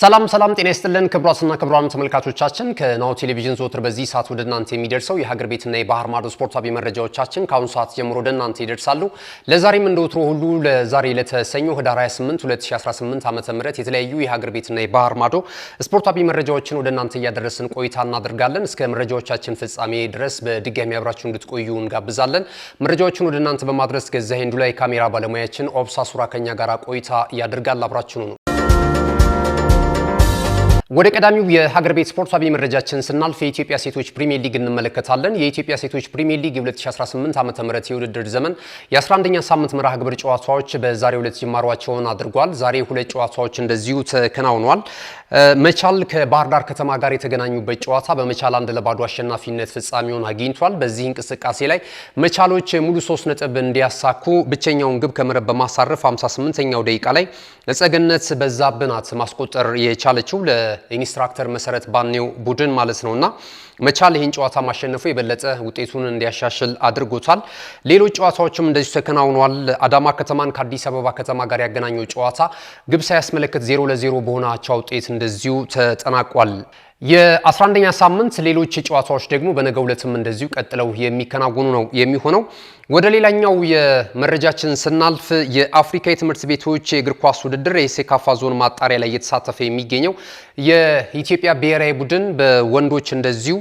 ሰላም ሰላም ጤና ይስጥልን ክቡራትና ክቡራን ተመልካቾቻችን ከናሁ ቴሌቪዥን ዘወትር በዚህ ሰዓት ወደ እናንተ የሚደርሰው የሀገር ቤትና የባህር ማዶ ስፖርታዊ መረጃዎቻችን ከአሁኑ ሰዓት ጀምሮ ወደ እናንተ ይደርሳሉ። ለዛሬም እንደወትሮ ሁሉ ለዛሬ ለተሰኘው ህዳር 28 2018 ዓ ም የተለያዩ የሀገር ቤትና የባህር ማዶ ስፖርታዊ መረጃዎችን ወደ እናንተ እያደረስን ቆይታ እናደርጋለን። እስከ መረጃዎቻችን ፍጻሜ ድረስ በድጋሚ አብራችሁ እንድትቆዩ እንጋብዛለን። መረጃዎችን ወደ እናንተ በማድረስ ገዛ ሄንዱ ላይ ካሜራ ባለሙያችን ኦብሳ ሱራ ከኛ ጋር ቆይታ ያደርጋል። አብራችኑ ነው ወደ ቀዳሚው የሀገር ቤት ስፖርታዊ መረጃችን ስናልፍ የኢትዮጵያ ሴቶች ፕሪሚየር ሊግ እንመለከታለን። የኢትዮጵያ ሴቶች ፕሪሚየር ሊግ 2018 2018 ዓ.ም የውድድር ዘመን የ11ኛ ሳምንት መርሃ ግብር ጨዋታዎች በዛሬ ሁለት ጅማሯቸውን አድርጓል። ዛሬ ሁለት ጨዋታዎች እንደዚሁ ተከናውኗል። መቻል ከባህር ዳር ከተማ ጋር የተገናኙበት ጨዋታ በመቻል አንድ ለባዶ አሸናፊነት ፍጻሜውን አግኝቷል። በዚህ እንቅስቃሴ ላይ መቻሎች ሙሉ ሶስት ነጥብ እንዲያሳኩ ብቸኛውን ግብ ከመረብ በማሳረፍ 58ኛው ደቂቃ ላይ ጸገነት በዛብናት ማስቆጠር የቻለችው። ኢንስትራክተር መሰረት ባኔው ቡድን ማለት ነውና መቻል ይህን ጨዋታ ማሸነፉ የበለጠ ውጤቱን እንዲያሻሽል አድርጎታል። ሌሎች ጨዋታዎችም እንደዚሁ ተከናውኗል። አዳማ ከተማን ከአዲስ አበባ ከተማ ጋር ያገናኘው ጨዋታ ግብ ሳያስመለክት ዜሮ ለዜሮ በሆነ አቻ ውጤት እንደዚሁ ተጠናቋል። የ11ኛ ሳምንት ሌሎች ጨዋታዎች ደግሞ በነገው ዕለትም እንደዚሁ ቀጥለው የሚከናወኑ ነው የሚሆነው ወደ ሌላኛው የመረጃችን ስናልፍ የአፍሪካ የትምህርት ቤቶች የእግር ኳስ ውድድር የሴካፋ ዞን ማጣሪያ ላይ እየተሳተፈ የሚገኘው የኢትዮጵያ ብሔራዊ ቡድን በወንዶች እንደዚሁ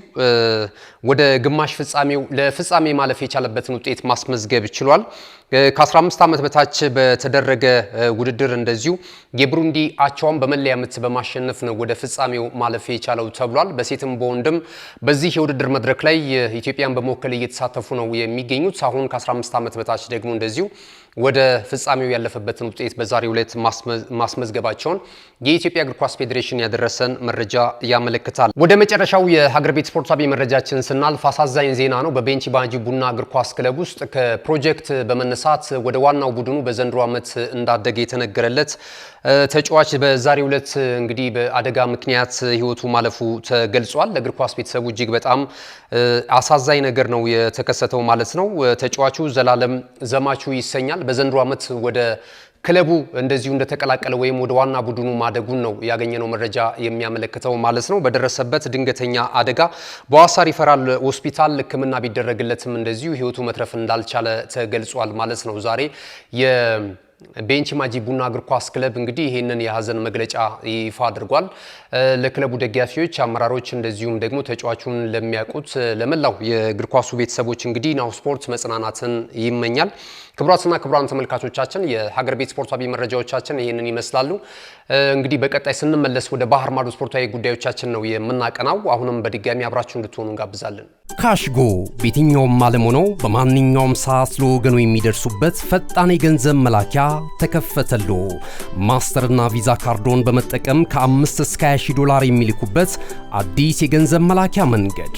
ወደ ግማሽ ፍጻሜው ለፍጻሜ ማለፍ የቻለበትን ውጤት ማስመዝገብ ችሏል። ከ15 ዓመት በታች በተደረገ ውድድር እንደዚሁ የብሩንዲ አቻዋን በመለያ ምት በማሸነፍ ነው ወደ ፍጻሜው ማለፍ የቻለው ተብሏል። በሴትም በወንድም በዚህ የውድድር መድረክ ላይ ኢትዮጵያን በመወከል እየተሳተፉ ነው የሚገኙት አሁን ዓመት በታች ደግሞ እንደዚሁ ወደ ፍጻሜው ያለፈበትን ውጤት በዛሬው ዕለት ማስመዝገባቸውን የኢትዮጵያ እግር ኳስ ፌዴሬሽን ያደረሰን መረጃ ያመለክታል። ወደ መጨረሻው የሀገር ቤት ስፖርታዊ መረጃችን ስናልፍ አሳዛኝ ዜና ነው። በቤንች ባጂ ቡና እግር ኳስ ክለብ ውስጥ ከፕሮጀክት በመነሳት ወደ ዋናው ቡድኑ በዘንድሮ ዓመት እንዳደገ የተነገረለት ተጫዋች በዛሬው ዕለት እንግዲህ በአደጋ ምክንያት ህይወቱ ማለፉ ተገልጿል። ለእግር ኳስ ቤተሰቡ እጅግ በጣም አሳዛኝ ነገር ነው የተከሰተው ማለት ነው። ተጫዋቹ ዘላለም ዘማቹ ይሰኛል። በዘንድሮ ዓመት ወደ ክለቡ እንደዚሁ እንደተቀላቀለ ወይም ወደ ዋና ቡድኑ ማደጉን ነው ያገኘነው መረጃ የሚያመለክተው ማለት ነው። በደረሰበት ድንገተኛ አደጋ በዋሳ ሪፈራል ሆስፒታል ሕክምና ቢደረግለትም እንደዚሁ ህይወቱ መትረፍ እንዳልቻለ ተገልጿል ማለት ነው ዛሬ ቤንች ማጂ ቡና እግር ኳስ ክለብ እንግዲህ ይህንን የሀዘን መግለጫ ይፋ አድርጓል። ለክለቡ ደጋፊዎች፣ አመራሮች እንደዚሁም ደግሞ ተጫዋቹን ለሚያውቁት ለመላው የእግር ኳሱ ቤተሰቦች እንግዲህ ናሁ ስፖርት መጽናናትን ይመኛል። ክቡራትና ክቡራን ተመልካቾቻችን የሀገር ቤት ስፖርታዊ መረጃዎቻችን ይህንን ይመስላሉ። እንግዲህ በቀጣይ ስንመለስ ወደ ባህር ማዶ ስፖርታዊ ጉዳዮቻችን ነው የምናቀናው። አሁንም በድጋሚ አብራችሁ እንድትሆኑ እንጋብዛለን። ካሽጎ በየትኛውም ዓለም ሆነው በማንኛውም ሰዓት ለወገኑ የሚደርሱበት ፈጣን የገንዘብ መላኪያ ተከፈተሎ። ማስተርና ቪዛ ካርዶን በመጠቀም ከ5 እስከ 20 ዶላር የሚልኩበት አዲስ የገንዘብ መላኪያ መንገድ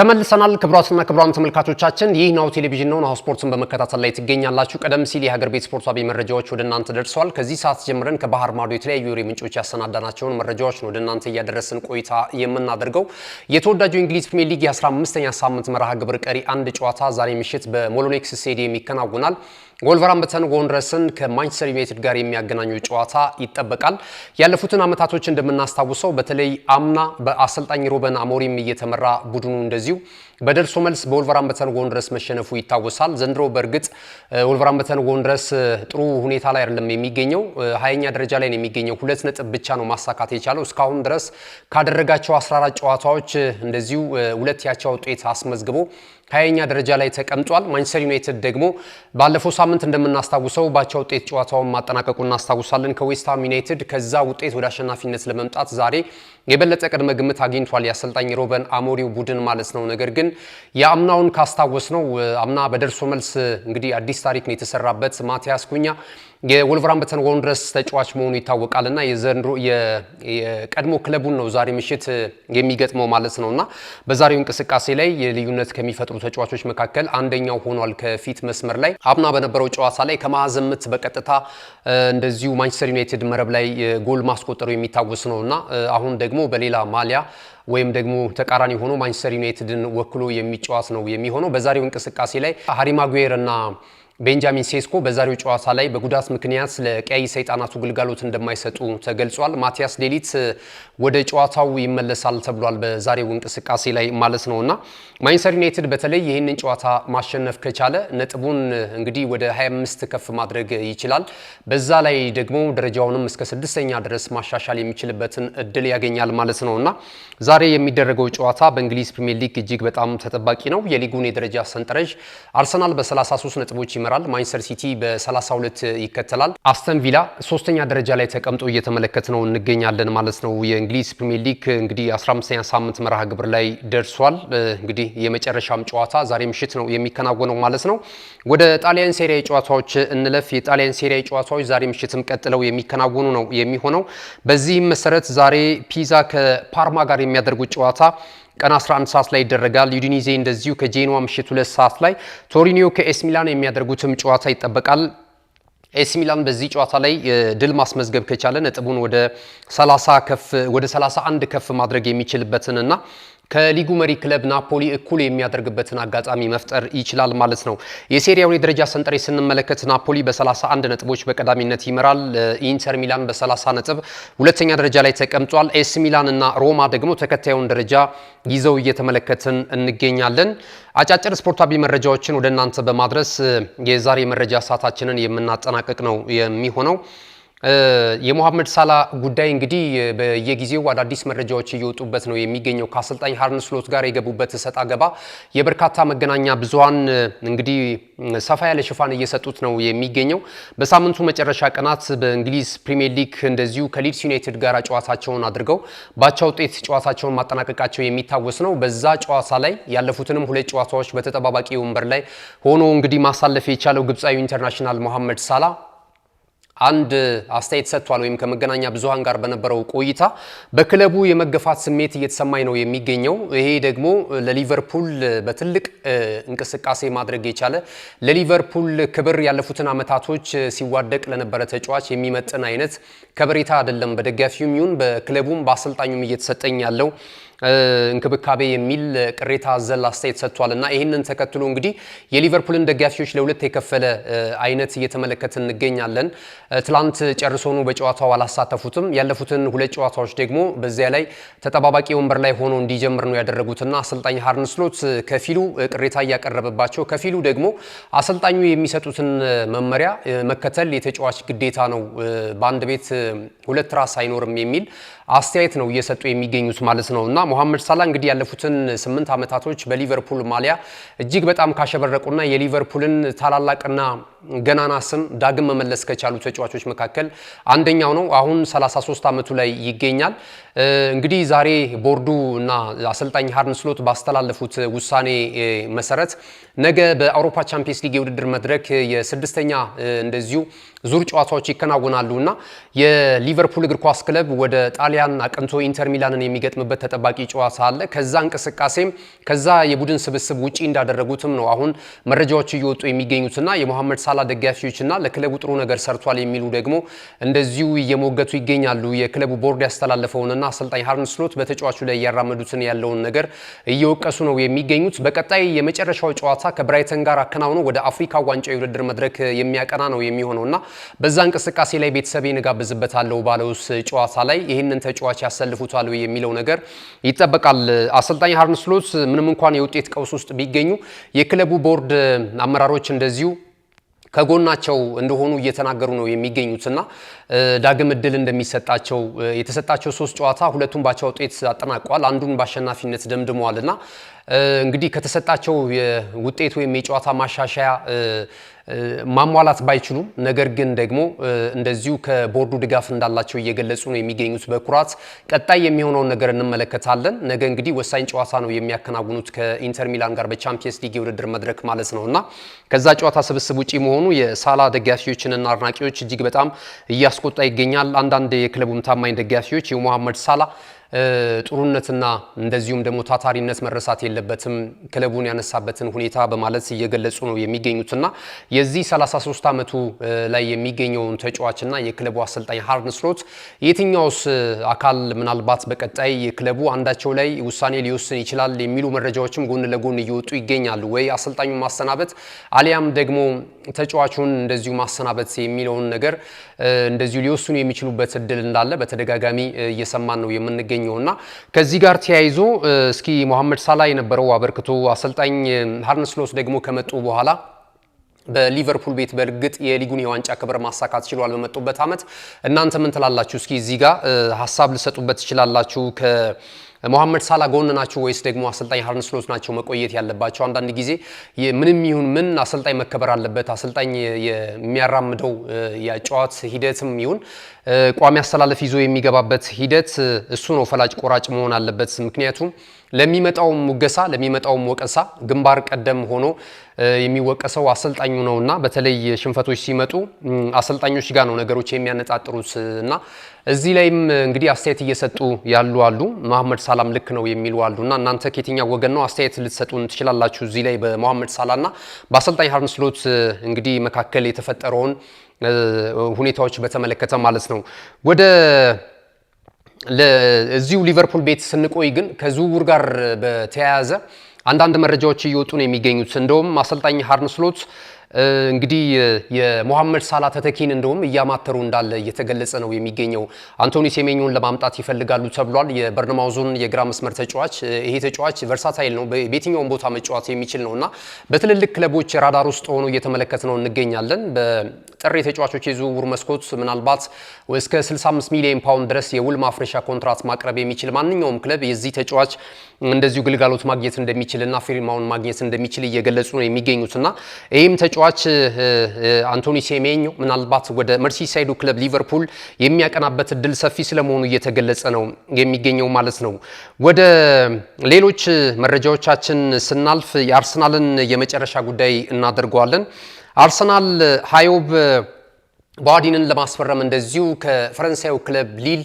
ተመልሰናል ክቡራትና ክቡራን ተመልካቾቻችን፣ ይህ ናሁ ቴሌቪዥን ነው። ናሁ ስፖርትን በመከታተል ላይ ትገኛላችሁ። ቀደም ሲል የሀገር ቤት ስፖርታዊ መረጃዎች ወደ እናንተ ደርሰዋል። ከዚህ ሰዓት ጀምረን ከባህር ማዶ የተለያዩ የወሬ ምንጮች ያሰናዳናቸውን መረጃዎች ነው ወደ እናንተ እያደረስን ቆይታ የምናደርገው። የተወዳጁ እንግሊዝ ፕሪሚየር ሊግ የ15ኛ ሳምንት መርሃ ግብር ቀሪ አንድ ጨዋታ ዛሬ ምሽት በሞሎኔክስ ስቴዲየም ይከናወናል። ወልቨርሃምፕተን ወንድረስን ከማንቸስተር ዩናይትድ ጋር የሚያገናኙ ጨዋታ ይጠበቃል። ያለፉትን ዓመታቶች እንደምናስታውሰው በተለይ አምና በአሰልጣኝ ሩበን አሞሪም እየተመራ ቡድኑ እንደዚሁ በደርሶ መልስ በወልቨርሃምፕተን ወንድረስ መሸነፉ ይታወሳል። ዘንድሮ በእርግጥ ወልቨርሃምፕተን ወንድረስ ጥሩ ሁኔታ ላይ አይደለም የሚገኘው፣ ሀያኛ ደረጃ ላይ ነው የሚገኘው። ሁለት ነጥብ ብቻ ነው ማሳካት የቻለው እስካሁን ድረስ ካደረጋቸው 14 ጨዋታዎች እንደዚሁ ሁለት ያቻ ውጤት አስመዝግቦ ሀያኛ ደረጃ ላይ ተቀምጧል። ማንቸስተር ዩናይትድ ደግሞ ባለፈው ሳምንት እንደምናስታውሰው ባቻ ውጤት ጨዋታውን ማጠናቀቁ እናስታውሳለን ከዌስትሃም ዩናይትድ። ከዛ ውጤት ወደ አሸናፊነት ለመምጣት ዛሬ የበለጠ ቅድመ ግምት አግኝቷል የአሰልጣኝ ሮበን አሞሪው ቡድን ማለት ነው። ነገር ግን የአምናውን ካስታወስ ነው አምና በደርሶ መልስ እንግዲህ አዲስ ታሪክ ነው የተሰራበት ማቲያስ ኩኛ የወልቨራምፕተን ወንድረስ ተጫዋች መሆኑ ይታወቃል እና የዘንድሮ የቀድሞ ክለቡን ነው ዛሬ ምሽት የሚገጥመው ማለት ነው እና በዛሬው እንቅስቃሴ ላይ የልዩነት ከሚፈጥሩ ተጫዋቾች መካከል አንደኛው ሆኗል። ከፊት መስመር ላይ አምና በነበረው ጨዋታ ላይ ከማዕዘን ምት በቀጥታ እንደዚሁ ማንቸስተር ዩናይትድ መረብ ላይ ጎል ማስቆጠሩ የሚታወስ ነው እና አሁን ደግሞ ደግሞ በሌላ ማሊያ ወይም ደግሞ ተቃራኒ ሆኖ ማንቸስተር ዩናይትድን ወክሎ የሚጫወት ነው የሚሆነው። በዛሬው እንቅስቃሴ ላይ ሀሪ ማጉዌር እና ቤንጃሚን ሴስኮ በዛሬው ጨዋታ ላይ በጉዳት ምክንያት ለቀይ ሰይጣናቱ ግልጋሎት እንደማይሰጡ ተገልጿል። ማቲያስ ሌሊት ወደ ጨዋታው ይመለሳል ተብሏል። በዛሬው እንቅስቃሴ ላይ ማለት ነውና ማንቸስተር ዩናይትድ በተለይ ይህንን ጨዋታ ማሸነፍ ከቻለ ነጥቡን እንግዲህ ወደ 25 ከፍ ማድረግ ይችላል። በዛ ላይ ደግሞ ደረጃውንም እስከ ስድስተኛ ድረስ ማሻሻል የሚችልበትን እድል ያገኛል ማለት ነውና ዛሬ የሚደረገው ጨዋታ በእንግሊዝ ፕሪሚየር ሊግ እጅግ በጣም ተጠባቂ ነው። የሊጉን የደረጃ ሰንጠረዥ አርሰናል በ33 ነጥቦች ይጀምራል። ማንቸስተር ሲቲ በ32 ይከተላል። አስተን ቪላ ሶስተኛ ደረጃ ላይ ተቀምጦ እየተመለከት ነው እንገኛለን ማለት ነው። የእንግሊዝ ፕሪሚየር ሊግ እንግዲህ 15ኛ ሳምንት መርሃ ግብር ላይ ደርሷል። እንግዲህ የመጨረሻም ጨዋታ ዛሬ ምሽት ነው የሚከናወነው ማለት ነው። ወደ ጣሊያን ሴሪያ ጨዋታዎች እንለፍ። የጣሊያን ሴሪያ ጨዋታዎች ዛሬ ምሽትም ቀጥለው የሚከናወኑ ነው የሚሆነው። በዚህም መሰረት ዛሬ ፒዛ ከፓርማ ጋር የሚያደርጉት ጨዋታ ቀን 11 ሰዓት ላይ ይደረጋል። ዩዲኒዜ እንደዚሁ ከጄኖዋ ምሽት 2 ሰዓት ላይ፣ ቶሪኒዮ ከኤስ ሚላን የሚያደርጉትም ጨዋታ ይጠበቃል። ኤሲ ሚላን በዚህ ጨዋታ ላይ ድል ማስመዝገብ ከቻለ ነጥቡን ወደ 30 ከፍ ወደ 31 ከፍ ማድረግ የሚችልበትንና ከሊጉ መሪ ክለብ ናፖሊ እኩል የሚያደርግበትን አጋጣሚ መፍጠር ይችላል ማለት ነው። የሴሪያው የደረጃ ሰንጠሬ ስንመለከት ናፖሊ በ31 ነጥቦች በቀዳሚነት ይመራል። ኢንተር ሚላን በ30 ነጥብ ሁለተኛ ደረጃ ላይ ተቀምጧል። ኤስ ሚላን እና ሮማ ደግሞ ተከታዩን ደረጃ ይዘው እየተመለከትን እንገኛለን። አጫጭር ስፖርታዊ መረጃዎችን ወደ እናንተ በማድረስ የዛሬ መረጃ ሰዓታችንን የምናጠናቀቅ ነው የሚሆነው። የሞሐመድ ሳላ ጉዳይ እንግዲህ በየጊዜው አዳዲስ መረጃዎች እየወጡበት ነው የሚገኘው። ከአሰልጣኝ ሀርን ስሎት ጋር የገቡበት ሰጣ ገባ የበርካታ መገናኛ ብዙሃን እንግዲህ ሰፋ ያለ ሽፋን እየሰጡት ነው የሚገኘው። በሳምንቱ መጨረሻ ቀናት በእንግሊዝ ፕሪሚየር ሊግ እንደዚሁ ከሊድስ ዩናይትድ ጋር ጨዋታቸውን አድርገው ባቻ ውጤት ጨዋታቸውን ማጠናቀቃቸው የሚታወስ ነው። በዛ ጨዋታ ላይ ያለፉትንም ሁለት ጨዋታዎች በተጠባባቂ ወንበር ላይ ሆኖ እንግዲህ ማሳለፍ የቻለው ግብፃዊ ኢንተርናሽናል ሞሐመድ ሳላ አንድ አስተያየት ሰጥቷል። ወይም ከመገናኛ ብዙሃን ጋር በነበረው ቆይታ በክለቡ የመገፋት ስሜት እየተሰማኝ ነው የሚገኘው። ይሄ ደግሞ ለሊቨርፑል በትልቅ እንቅስቃሴ ማድረግ የቻለ ለሊቨርፑል ክብር ያለፉትን ዓመታቶች ሲዋደቅ ለነበረ ተጫዋች የሚመጥን አይነት ከበሬታ አይደለም፣ በደጋፊውም ይሁን በክለቡም በአሰልጣኙም እየተሰጠኝ ያለው እንክብካቤ የሚል ቅሬታ አዘል አስተያየት ሰጥቷል እና ይህንን ተከትሎ እንግዲህ የሊቨርፑልን ደጋፊዎች ለሁለት የከፈለ አይነት እየተመለከት እንገኛለን። ትላንት ጨርሶኑ በጨዋታው አላሳተፉትም። ያለፉትን ሁለት ጨዋታዎች ደግሞ በዚያ ላይ ተጠባባቂ ወንበር ላይ ሆኖ እንዲጀምር ነው ያደረጉትና አሰልጣኝ ሃርንስሎት ከፊሉ ቅሬታ እያቀረበባቸው፣ ከፊሉ ደግሞ አሰልጣኙ የሚሰጡትን መመሪያ መከተል የተጫዋች ግዴታ ነው፣ በአንድ ቤት ሁለት ራስ አይኖርም የሚል አስተያየት ነው እየሰጡ የሚገኙት ማለት ነው። እና ሞሐመድ ሳላ እንግዲህ ያለፉትን ስምንት ዓመታቶች በሊቨርፑል ማሊያ እጅግ በጣም ካሸበረቁና የሊቨርፑልን ታላላቅና ገናና ስም ዳግም መመለስ ከቻሉ ተጫዋቾች መካከል አንደኛው ነው። አሁን 33 ዓመቱ ላይ ይገኛል። እንግዲህ ዛሬ ቦርዱ እና አሰልጣኝ ሃርን ስሎት ባስተላለፉት ውሳኔ መሰረት ነገ በአውሮፓ ቻምፒየንስ ሊግ የውድድር መድረክ የስድስተኛ እንደዚሁ ዙር ጨዋታዎች ይከናወናሉ እና የሊቨርፑል እግር ኳስ ክለብ ወደ ጣሊያን አቅንቶ ኢንተር ሚላንን የሚገጥምበት ተጠባቂ ጨዋታ አለ። ከዛ እንቅስቃሴም ከዛ የቡድን ስብስብ ውጪ እንዳደረጉትም ነው አሁን መረጃዎች እየወጡ የሚገኙትና የሞሐመድ ሳላ ደጋፊዎችና ለክለቡ ጥሩ ነገር ሰርቷል የሚሉ ደግሞ እንደዚሁ እየሞገቱ ይገኛሉ። የክለቡ ቦርድ ያስተላለፈውንና አሰልጣኝ ሃርን ስሎት በተጫዋቹ ላይ እያራመዱትን ያለውን ነገር እየወቀሱ ነው የሚገኙት። በቀጣይ የመጨረሻው ጨዋታ ከብራይተን ጋር አከናውነው ወደ አፍሪካ ዋንጫ የውድድር መድረክ የሚያቀና ነው የሚሆነውና በዛ እንቅስቃሴ ላይ ቤተሰብ እጋብዝበታለሁ ባለውስ ጨዋታ ላይ ይህንን ተጫዋች ያሰልፉታል የሚለው ነገር ይጠበቃል። አሰልጣኝ ሃርን ስሎት ምንም እንኳን የውጤት ቀውስ ውስጥ ቢገኙ የክለቡ ቦርድ አመራሮች እንደዚሁ ከጎናቸው እንደሆኑ እየተናገሩ ነው የሚገኙትና ዳግም እድል እንደሚሰጣቸው የተሰጣቸው ሶስት ጨዋታ ሁለቱን ባቻ ውጤት አጠናቀዋል። አንዱን በአሸናፊነት ደምድመዋልና እንግዲህ ከተሰጣቸው ውጤት ወይም የጨዋታ ማሻሻያ ማሟላት ባይችሉም ነገር ግን ደግሞ እንደዚሁ ከቦርዱ ድጋፍ እንዳላቸው እየገለጹ ነው የሚገኙት በኩራት ቀጣይ የሚሆነውን ነገር እንመለከታለን። ነገ እንግዲህ ወሳኝ ጨዋታ ነው የሚያከናውኑት ከኢንተር ሚላን ጋር በቻምፒየንስ ሊግ የውድድር መድረክ ማለት ነው እና ከዛ ጨዋታ ስብስብ ውጪ መሆኑ የሳላ ደጋፊዎችንና አድናቂዎች እጅግ በጣም እያስቆጣ ይገኛል። አንዳንድ የክለቡም ታማኝ ደጋፊዎች የሞሐመድ ሳላ ጥሩነትና እንደዚሁም ደግሞ ታታሪነት መረሳት የለበትም ክለቡን ያነሳበትን ሁኔታ በማለት እየገለጹ ነው የሚገኙትና የዚህ 33 ዓመቱ ላይ የሚገኘውን ተጫዋችና የክለቡ አሰልጣኝ ሃርን ስሎት የትኛውስ አካል ምናልባት በቀጣይ የክለቡ አንዳቸው ላይ ውሳኔ ሊወስን ይችላል የሚሉ መረጃዎችም ጎን ለጎን እየወጡ ይገኛሉ። ወይ አሰልጣኙ ማሰናበት አሊያም ደግሞ ተጫዋቹን እንደዚሁ ማሰናበት የሚለውን ነገር እንደዚሁ ሊወስኑ የሚችሉበት እድል እንዳለ በተደጋጋሚ እየሰማን ነው የምንገኘው እና ከዚህ ጋር ተያይዞ እስኪ ሞሐመድ ሳላ የነበረው አበርክቶ አሰልጣኝ ሀርንስሎት ደግሞ ከመጡ በኋላ በሊቨርፑል ቤት በእርግጥ የሊጉን የዋንጫ ክብር ማሳካት ችሏል በመጡበት ዓመት። እናንተ ምን ትላላችሁ? እስኪ እዚህ ጋር ሀሳብ ልሰጡበት ትችላላችሁ። ሞሐመድ ሳላ ጎን ናቸው ወይስ ደግሞ አሰልጣኝ ሀርን ስሎት ናቸው መቆየት ያለባቸው? አንዳንድ ጊዜ ምንም ይሁን ምን አሰልጣኝ መከበር አለበት። አሰልጣኝ የሚያራምደው የጨዋት ሂደትም ይሁን ቋሚ አስተላለፍ ይዞ የሚገባበት ሂደት እሱ ነው ፈላጭ ቆራጭ መሆን አለበት። ምክንያቱም ለሚመጣውም ሙገሳ ለሚመጣውም ወቀሳ ግንባር ቀደም ሆኖ የሚወቀሰው አሰልጣኙ ነውና በተለይ ሽንፈቶች ሲመጡ አሰልጣኞች ጋር ነው ነገሮች የሚያነጣጥሩት እና እዚህ ላይም እንግዲህ አስተያየት እየሰጡ ያሉ አሉ። መሐመድ ሳላም ልክ ነው የሚሉ አሉና እናንተ ከየትኛው ወገን ነው አስተያየት ልትሰጡን ትችላላችሁ? እዚህ ላይ በመሐመድ ሳላና በአሰልጣኝ አርነ ስሎት እንግዲህ መካከል የተፈጠረውን ሁኔታዎች በተመለከተ ማለት ነው ወደ እዚሁ ሊቨርፑል ቤት ስንቆይ ግን ከዝውውር ጋር በተያያዘ አንዳንድ መረጃዎች እየወጡ ነው የሚገኙት። እንደውም አሰልጣኝ አርነ ስሎት እንግዲህ የሞሐመድ ሳላ ተተኪን እንደውም እያማተሩ እንዳለ እየተገለጸ ነው የሚገኘው። አንቶኒ ሴሜኞን ለማምጣት ይፈልጋሉ ተብሏል። ዞን የግራ መስመር ተጫዋች። ይሄ ተጫዋች ቨርሳታይል ነው፣ በየትኛውም ቦታ መጫወት የሚችል ነው እና በትልልቅ ክለቦች ራዳር ውስጥ ሆኖ እየተመለከት ነው እንገኛለን። በጥር የተጫዋቾች የዝውውር መስኮት ምናልባት እስከ 65 ሚሊዮን ፓውንድ ድረስ የውል ማፍረሻ ኮንትራት ማቅረብ የሚችል ማንኛውም ክለብ የዚህ ተጫዋች እንደዚሁ ግልጋሎት ማግኘት እንደሚችል እና ፊርማውን ማግኘት እንደሚችል እየገለጹ ነው የሚገኙት እና ይህም ተጫዋች አንቶኒ ሴሜኞ ምናልባት ወደ መርሲሳይዱ ክለብ ሊቨርፑል የሚያቀናበት እድል ሰፊ ስለመሆኑ እየተገለጸ ነው የሚገኘው ማለት ነው። ወደ ሌሎች መረጃዎቻችን ስናልፍ የአርሰናልን የመጨረሻ ጉዳይ እናደርገዋለን። አርሰናል ሀዮብ ቧዲንን ለማስፈረም እንደዚሁ ከፈረንሳዩ ክለብ ሊል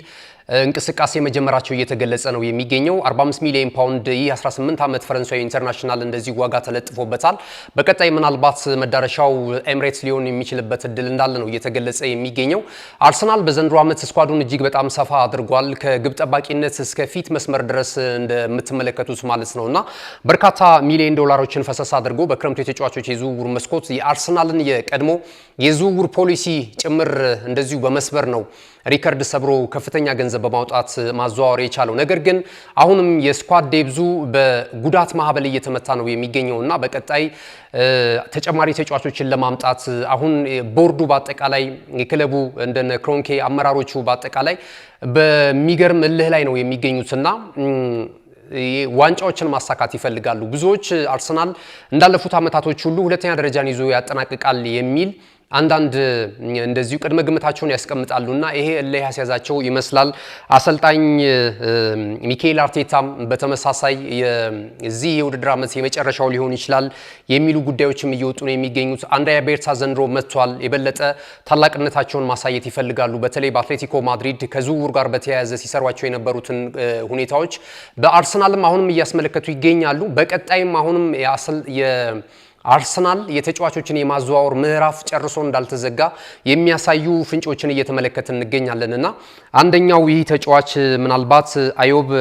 እንቅስቃሴ መጀመራቸው እየተገለጸ ነው የሚገኘው። 45 ሚሊዮን ፓውንድ ይህ 18 ዓመት ፈረንሳዊ ኢንተርናሽናል እንደዚህ ዋጋ ተለጥፎበታል። በቀጣይ ምናልባት መዳረሻው ኤምሬትስ ሊሆን የሚችልበት እድል እንዳለ ነው እየተገለጸ የሚገኘው። አርሰናል በዘንድሮ ዓመት ስኳዱን እጅግ በጣም ሰፋ አድርጓል። ከግብ ጠባቂነት እስከ ፊት መስመር ድረስ እንደምትመለከቱት ማለት ነው እና በርካታ ሚሊዮን ዶላሮችን ፈሰስ አድርጎ በክረምቱ የተጫዋቾች የዝውውር መስኮት የአርሰናልን የቀድሞ የዝውውር ፖሊሲ ጭምር እንደዚሁ በመስበር ነው ሪከርድ ሰብሮ ከፍተኛ ገንዘብ በማውጣት ማዘዋወር የቻለው ነገር ግን አሁንም የስኳድ ዴብዙ በጉዳት ማዕበል እየተመታ ነው የሚገኘው እና በቀጣይ ተጨማሪ ተጫዋቾችን ለማምጣት አሁን ቦርዱ በአጠቃላይ የክለቡ እንደነ ክሮንኬ አመራሮቹ በአጠቃላይ በሚገርም እልህ ላይ ነው የሚገኙትና ዋንጫዎችን ማሳካት ይፈልጋሉ። ብዙዎች አርሰናል እንዳለፉት ዓመታቶች ሁሉ ሁለተኛ ደረጃን ይዞ ያጠናቅቃል የሚል አንዳንድ እንደዚሁ ቅድመ ግምታቸውን ያስቀምጣሉና ይሄ እልህ ያስያዛቸው ይመስላል። አሰልጣኝ ሚካኤል አርቴታም በተመሳሳይ የዚህ የውድድር ዓመት የመጨረሻው ሊሆን ይችላል የሚሉ ጉዳዮችም እየወጡ ነው የሚገኙት። አንድሪያ ቤርታ ዘንድሮ መጥቷል። የበለጠ ታላቅነታቸውን ማሳየት ይፈልጋሉ። በተለይ በአትሌቲኮ ማድሪድ ከዝውውር ጋር በተያያዘ ሲሰሯቸው የነበሩትን ሁኔታዎች በአርሰናልም አሁንም እያስመለከቱ ይገኛሉ። በቀጣይም አሁንም አርሰናል የተጫዋቾችን የማዘዋወር ምዕራፍ ጨርሶ እንዳልተዘጋ የሚያሳዩ ፍንጮችን እየተመለከትን እንገኛለንና አንደኛው ይህ ተጫዋች ምናልባት አዮብ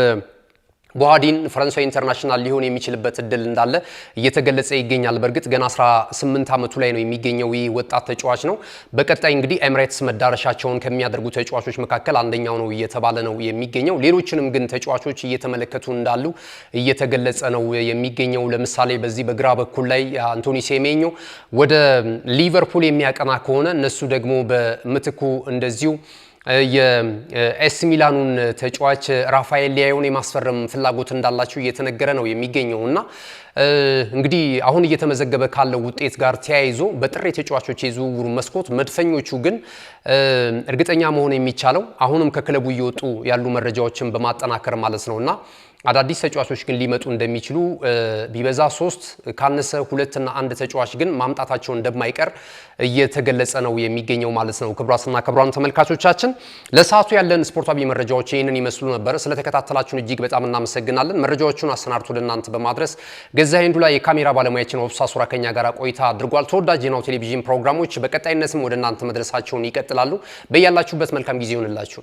ቡሃዲን ፈረንሳዊ ኢንተርናሽናል ሊሆን የሚችልበት እድል እንዳለ እየተገለጸ ይገኛል። በእርግጥ ገና 18 ዓመቱ ላይ ነው የሚገኘው ይህ ወጣት ተጫዋች ነው። በቀጣይ እንግዲህ ኤምሬትስ መዳረሻቸውን ከሚያደርጉ ተጫዋቾች መካከል አንደኛው ነው እየተባለ ነው የሚገኘው። ሌሎችንም ግን ተጫዋቾች እየተመለከቱ እንዳሉ እየተገለጸ ነው የሚገኘው። ለምሳሌ በዚህ በግራ በኩል ላይ አንቶኒ ሴሜኞ ወደ ሊቨርፑል የሚያቀና ከሆነ እነሱ ደግሞ በምትኩ እንደዚሁ የኤስ ሚላኑን ተጫዋች ራፋኤል ሊያዮን የማስፈረም ፍላጎት እንዳላቸው እየተነገረ ነው የሚገኘው እና እንግዲህ አሁን እየተመዘገበ ካለው ውጤት ጋር ተያይዞ በጥር የተጫዋቾች የዝውውሩ መስኮት መድፈኞቹ ግን እርግጠኛ መሆን የሚቻለው አሁንም ከክለቡ እየወጡ ያሉ መረጃዎችን በማጠናከር ማለት ነው እና አዳዲስ ተጫዋቾች ግን ሊመጡ እንደሚችሉ ቢበዛ ሶስት ካነሰ ሁለትና አንድ ተጫዋች ግን ማምጣታቸው እንደማይቀር እየተገለጸ ነው የሚገኘው ማለት ነው። ክቡራትና ክቡራን ተመልካቾቻችን ለሰዓቱ ያለን ስፖርታዊ መረጃዎች ይህንን ይመስሉ ነበር። ስለተከታተላችሁን እጅግ በጣም እናመሰግናለን። መረጃዎቹን አሰናድቶ ለእናንተ በማድረስ ገዛ ሄንዱ ላይ የካሜራ ባለሙያችን ኦብሳ ሱራ ከኛ ጋር ቆይታ አድርጓል። ተወዳጅ ናሁ ቴሌቪዥን ፕሮግራሞች በቀጣይነትም ወደ እናንተ መድረሳቸውን ይቀጥላሉ። በያላችሁበት መልካም ጊዜ ይሆንላችሁ።